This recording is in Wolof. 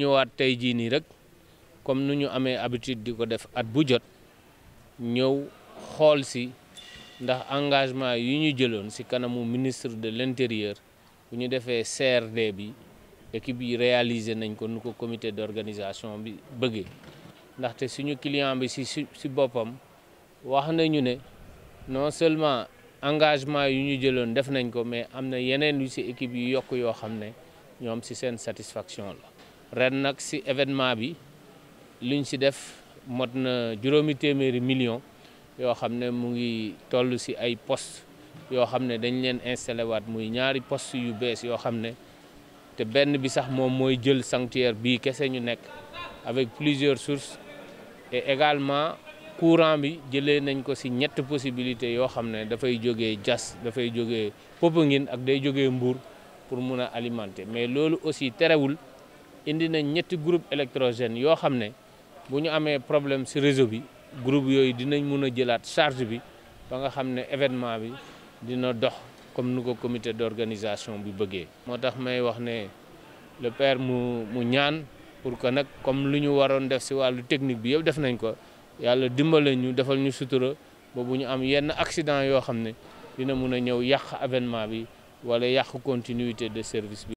ñëwaat tey jii nii rek comme nu ñu amee habitude di ko def at bu jot ñëw xool si ndax engagement yi ñu jëloon si kanamu ministre de l'intérieur bu ñu defee CRD bi équipe yi réaliser nañ ko nu ko comité d'organisation bi bëggee ndaxte suñu client bi si si boppam wax nañu ne non seulement engagement yu ñu jëloon def nañ ko mais am na yeneen yu si équipe yu yokk yoo xam ne ñoom si seen satisfaction la ren nag si événement bi liñ si def mot na juróomi téeméeri million yoo xam ne mu ngi toll si ay post yoo xam ne dañ leen installé waat muy ñaari post yu bees yoo xam ne te benn bi sax moom mooy jël sanctuaire bii kese ñu nekk avec plusieurs source et également courant bi jëlee nañ ko si ñett possibilité yoo xam ne dafay jóge jas dafay jóge jógee Popenguine ak day jóge mbur pour mun a alimenter mais loolu aussi terewul indi nañ ñetti groupe électrogène yoo xam ne bu ñu amee problème si réseau bi groupe yooyu dinañ mun a jëlaat charge bi ba nga xam ne événement bi dina dox comme nu ko comité d'organisation bi bëggee. moo tax may wax ne le per mu mu ñaan pour que nag comme lu ñu waroon def ci wàllu technique bi yëpp def nañ ko yàlla dimbale ñu defal ñu sutura boobu ñu am yenn accident yoo xam ne dina mun a ñëw yàq événement bi wala yàq continuité de service bi.